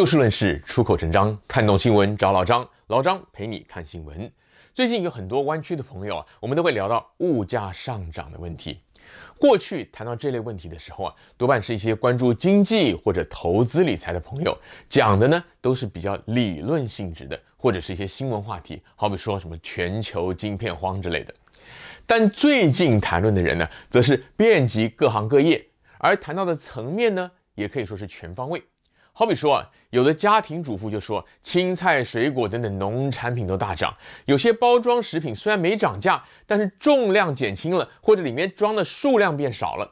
就事論事，出口成章，看懂新聞找老張，老張陪你看新聞。最近有很多灣區的朋友啊，我們都會聊到物價上漲的問題。過去談到這類問題的時候啊，多半是一些關注經濟或者投資理財的朋友講的呢，都是比較理論性質的，或者是一些新聞話題，好比說什麼全球晶片荒之類的。但最近談論的人呢，則是遍及各行各業，而談到的層面呢，也可以說是全方位。好比說，有的家庭主婦就說，青菜、水果等等農產品都大漲；有些包裝食品雖然沒漲價，但是重量減輕了，或者裡面裝的數量變少了。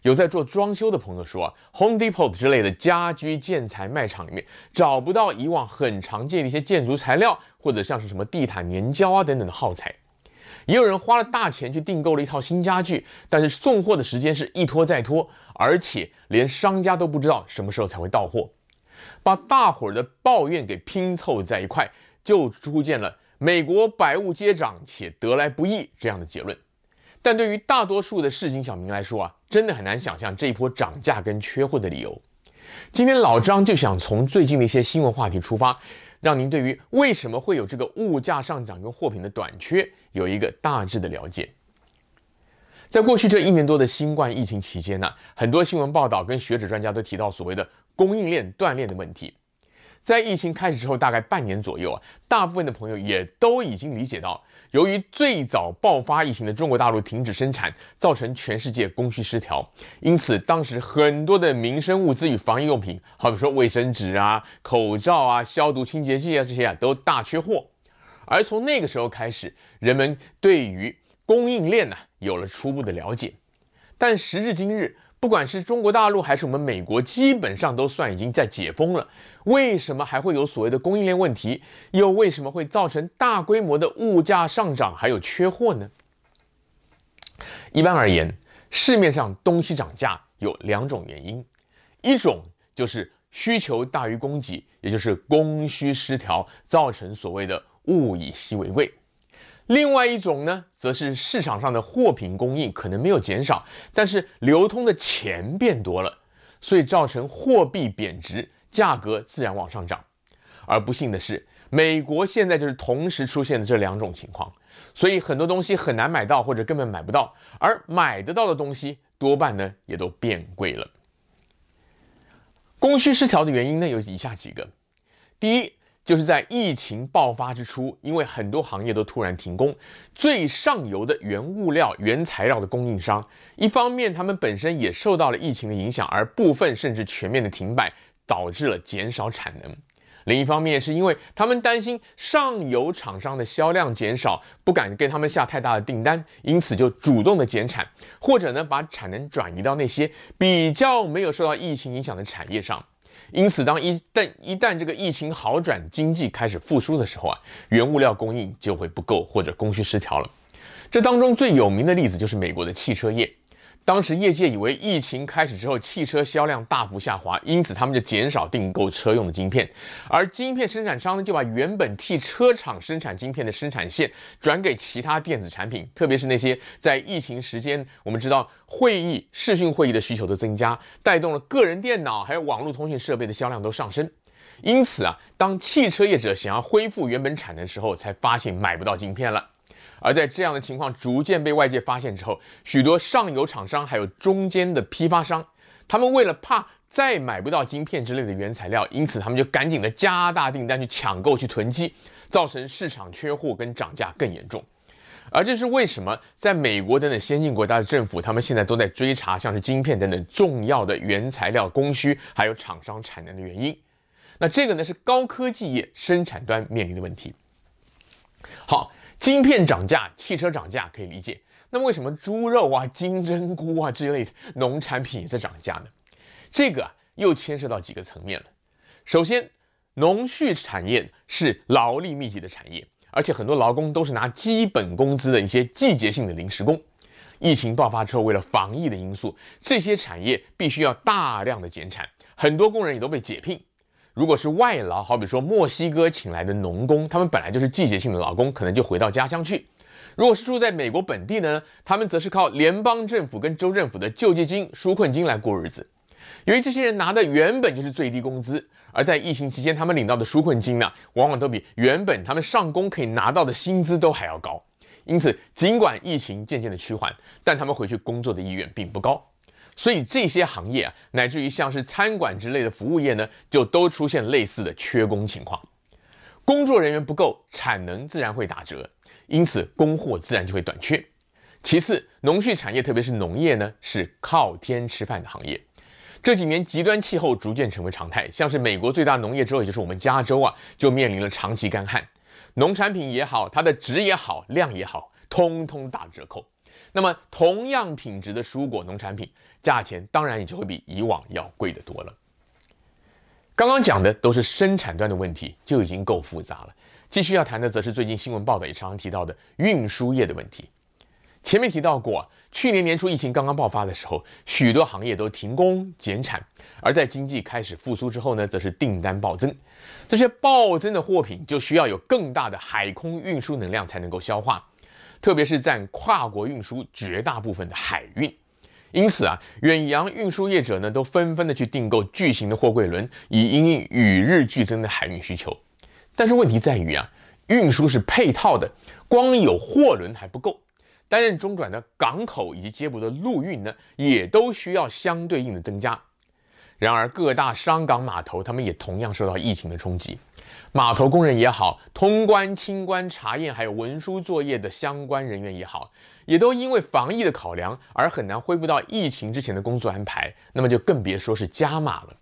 有在做裝修的朋友說，Home Depot 之類的家居建材賣場裡面找不到以往很常見的一些建築材料，或者像是什麼地毯粘膠啊等等的耗材。也有人花了大錢去訂購了一套新家具，但是送貨的時間是一拖再拖，而且連商家都不知道什麼時候才會到貨。把大夥兒的抱怨給拼湊在一塊，就出現了“美國百物皆漲且得來不易”這樣的結論。但對於大多數的市井小民來說啊，真的很難想象這一波漲價跟缺貨的理由。今天老章就想從最近的一些新聞話題出發，讓您對於為什麼會有這個物價上漲跟貨品的短缺，有一個大致的了解。在過去這一年多的新冠疫情期間呢，很多新聞報道跟學者專家都提到所謂的供應鏈斷裂的問題。在疫情開始之後，大概半年左右啊，大部分的朋友也都已經理解到，由於最早爆發疫情的中國大陸停止生產，造成全世界供需失調，因此當時很多的民生物資與防疫用品，好比說衛生紙啊、口罩啊、消毒清潔劑啊這些啊，都大缺貨。而從那個時候開始，人們對於供應鏈呢啊，有了初步的了解，但時至今日。不管是中國大陸還是我們美國，基本上都算已經在解封了。為什麼還會有所謂的供應鏈問題？又為什麼會造成大規模的物價上漲，還有缺貨呢？一般而言，市面上東西漲價有兩種原因，一種就是需求大於供給，也就是供需失調，造成所謂的物以稀為貴。另外一種呢，則是市場上的貨品供應可能沒有減少，但是流通的錢變多了，所以造成貨幣貶值，價格自然往上漲。而不幸的是，美國現在就是同時出現的這兩種情況，所以很多東西很難買到，或者根本買不到，而買得到的東西多半呢也都變貴了。供需失調的原因呢有以下幾個：第一。就是在疫情爆發之初，因為很多行業都突然停工，最上游的原物料、原材料的供應商，一方面他們本身也受到了疫情的影響，而部分甚至全面的停擺，導致了減少產能；另一方面是因為他們擔心上游廠商的銷量減少，不敢給他們下太大的訂單，因此就主動的減產，或者呢把產能轉移到那些比較沒有受到疫情影響的產業上。因此，當一旦一旦這個疫情好轉，經濟開始復甦的時候啊，原物料供應就會不夠，或者供需失調了。這當中最有名的例子就是美國的汽車業。當時業界以為疫情開始之後汽車銷量大幅下滑，因此他們就減少訂購車用的晶片，而晶片生產商呢就把原本替車廠生產晶片的生產線轉給其他電子產品，特別是那些在疫情時間，我們知道會議、視訊會議的需求都增加，帶動了個人電腦還有網絡通訊設備的銷量都上升，因此啊，當汽車業者想要恢復原本產能的時候，才發現買不到晶片了。而在這樣的情況逐漸被外界發現之後，許多上游廠商還有中間的批發商，他們為了怕再買不到晶片之類的原材料，因此他們就趕緊的加大訂單去搶購去囤積，造成市場缺貨跟漲價更嚴重。而這是為什麼，在美國等等先進國家的政府，他們現在都在追查像是晶片等等重要的原材料供需還有廠商產能的原因。那這個呢是高科技業生產端面臨的問題。好。晶片漲價、汽車漲價，可以理解，那麼為什麼豬肉啊、金針菇啊之類的農產品也在漲價呢？這個啊又牽涉到幾個層面了。首先，農畜產業是勞力密集的產業，而且很多勞工都是拿基本工資的一些季節性的臨時工。疫情爆發之後，為了防疫的因素，這些產業必須要大量的減產，很多工人也都被解聘。如果是外勞，好比說墨西哥請來的農工，他們本來就是季節性的勞工，可能就回到家鄉去。如果是住在美國本地呢，他們則是靠聯邦政府跟州政府的救濟金、紓困金來過日子。由於這些人拿的原本就是最低工資，而在疫情期間他們領到的紓困金呢，往往都比原本他們上工可以拿到的薪資都還要高。因此，儘管疫情漸漸的趨緩，但他們回去工作的意願並不高。所以這些行業啊，乃至於像是餐館之類的服務業呢，就都出現類似的缺工情況，工作人員不夠，產能自然會打折，因此供貨自然就會短缺。其次，農畜產業，特別是農業呢，是靠天吃飯的行業。這幾年極端氣候逐漸成為常態，像是美國最大農業州，也就是我們加州啊，就面臨了長期乾旱，農產品也好，它的值也好，量也好，通通打折扣。那麼，同樣品質的蔬果農產品，價錢當然也就會比以往要貴得多了。剛剛講的都是生產端的問題，就已經夠複雜了。繼續要談的，則是最近新聞報道也常常提到的運輸業的問題。前面提到過，去年年初疫情剛剛爆發的時候，許多行業都停工減產；而在經濟開始復甦之後呢，則是訂單暴增。這些暴增的貨品，就需要有更大的海空運輸能量才能夠消化。特別是占跨國運輸絕大部分的海運，因此啊，遠洋運輸業者呢，都紛紛的去訂購巨型的貨櫃輪，以因應與日俱增的海運需求。但是問題在於啊，運輸是配套的，光有貨輪還不夠，擔任中轉的港口以及接駁的陸運呢，也都需要相對應的增加。然而各大商港碼頭，他們也同樣受到疫情的衝擊。碼頭工人也好，通關清關查驗，還有文書作業的相關人員也好，也都因為防疫的考量，而很難恢復到疫情之前的工作安排。那麼就更別說是加碼了。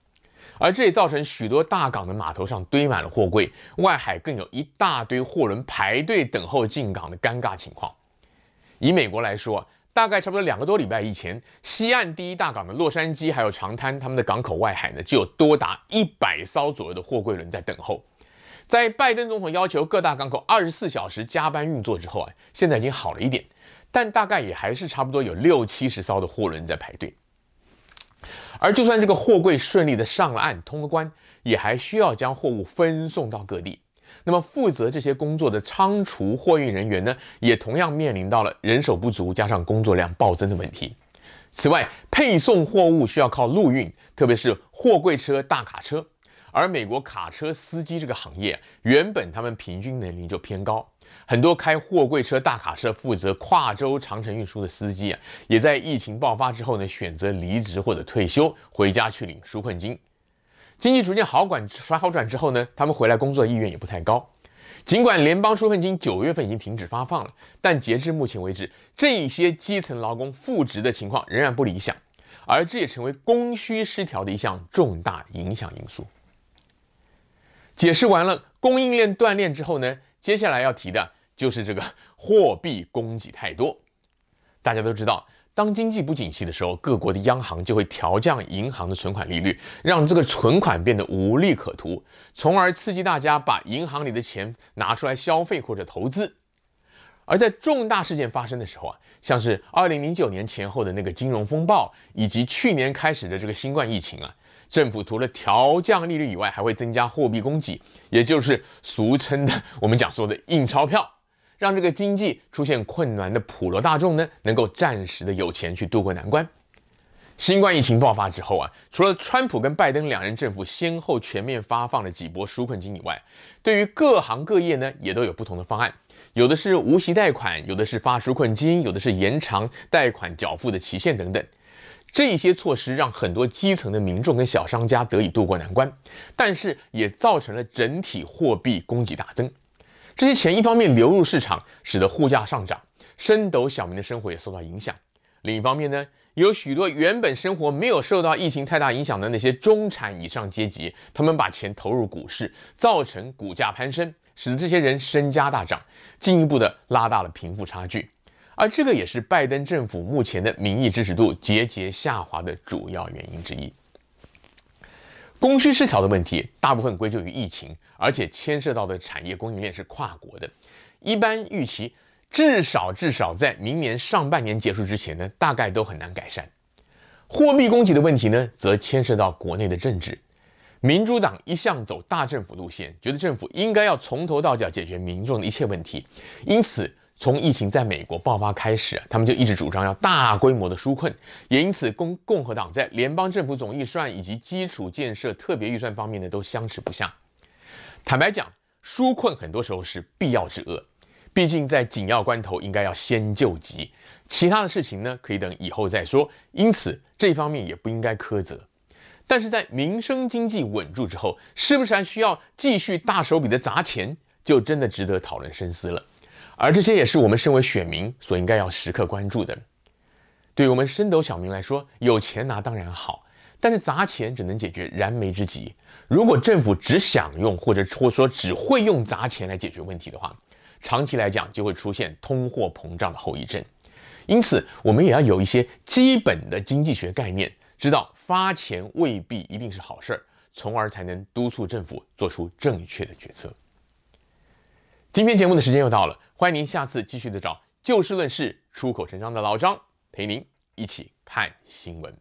而這也造成許多大港的碼頭上堆滿了貨櫃，外海更有一大堆貨輪排隊等候進港的尷尬情況。以美國來說，大概差不多兩個多禮拜以前，西岸第一大港的洛杉磯還有長灘，他們的港口外海呢，就有多達一百艘左右的貨櫃輪在等候。在拜登總統要求各大港口二十四小時加班運作之後啊，現在已經好了一點，但大概也還是差不多有六七十艘的貨輪在排隊。而就算這個貨櫃順利的上了岸，通了關，也還需要將貨物分送到各地。那麼負責這些工作的倉儲貨運人員呢，也同樣面臨到了人手不足加上工作量暴增的問題。此外，配送貨物需要靠陸運，特別是貨櫃車、大卡車。而美國卡車司機這個行業，原本他們平均年齡就偏高，很多開貨櫃車、大卡車負責跨州長程運輸的司機，也在疫情爆發之後呢，選擇離職或者退休，回家去領紓困金。經濟逐漸好轉、好轉之後呢，他們回來工作意願也不太高。儘管聯邦紓困金九月份已經停止發放了，但截至目前為止，這一些基層勞工復職的情況仍然不理想，而這也成為供需失調的一項重大影響因素。解釋完了供應鏈斷裂之後呢，接下來要提的就是這個貨幣供給太多。大家都知道，當經濟不景氣的時候，各國的央行就會調降銀行的存款利率，讓這個存款變得無利可圖，從而刺激大家把銀行裡的錢拿出來消費或者投資。而在重大事件發生的時候啊，像是二零零九年前後的那個金融風暴，以及去年開始的這個新冠疫情啊，政府除了調降利率以外，還會增加貨幣供給，也就是俗稱的我們講說的印鈔票，讓這個經濟出現困難的普羅大眾呢，能夠暫時的有錢去渡過難關。新冠疫情爆發之後啊，除了川普跟拜登兩人政府先後全面發放了幾波紓困金以外，對於各行各業呢，也都有不同的方案，有的是無息貸款，有的是發紓困金，有的是延長貸款繳付的期限等等。這些措施讓很多基層的民眾跟小商家得以渡過難關，但是也造成了整體貨幣供給大增。這些錢一方面流入市場，使得物價上漲，升斗小民的生活也受到影響。另一方面呢，有許多原本生活沒有受到疫情太大影響的那些中產以上階級，他們把錢投入股市，造成股價攀升，使得這些人身家大漲，進一步的拉大了貧富差距。而這個也是拜登政府目前的民意支持度節節下滑的主要原因之一。供需失調的問題大部分歸咎於疫情，而且牽涉到的產業供應鏈是跨國的，一般預期，至少，至少在明年上半年結束之前呢，大概都很難改善。貨幣供給的問題呢，則牽涉到國內的政治。民主黨一向走大政府路線，覺得政府應該要從頭到腳解決民眾的一切問題。因此，從疫情在美國爆發開始啊，他們就一直主張要大規模的紓困。也因此，共共和黨在聯邦政府總預算以及基礎建設特別預算方面呢，都相持不下。坦白講，紓困很多時候是必要之惡。畢竟在緊要關頭，應該要先救急，其他的事情呢，可以等以後再說。因此，這方面也不應該苛責。但是在民生經濟穩住之後，是不是還需要繼續大手筆的砸錢，就真的值得討論深思了。而這些也是我們身為選民所應該要時刻關注的。對於我們升斗小民來說，有錢拿當然好，但是砸錢只能解決燃眉之急。如果政府只想用，或者或者說只會用砸錢來解決問題的話，長期來講，就會出現通貨膨脹的後遺症。因此我們也要有一些基本的經濟學概念，知道發錢未必一定是好事兒，從而才能督促政府做出正確的決策。今天節目的時間又到了，歡迎您下次繼續的找就事論事、出口成章的老張陪您一起看新聞。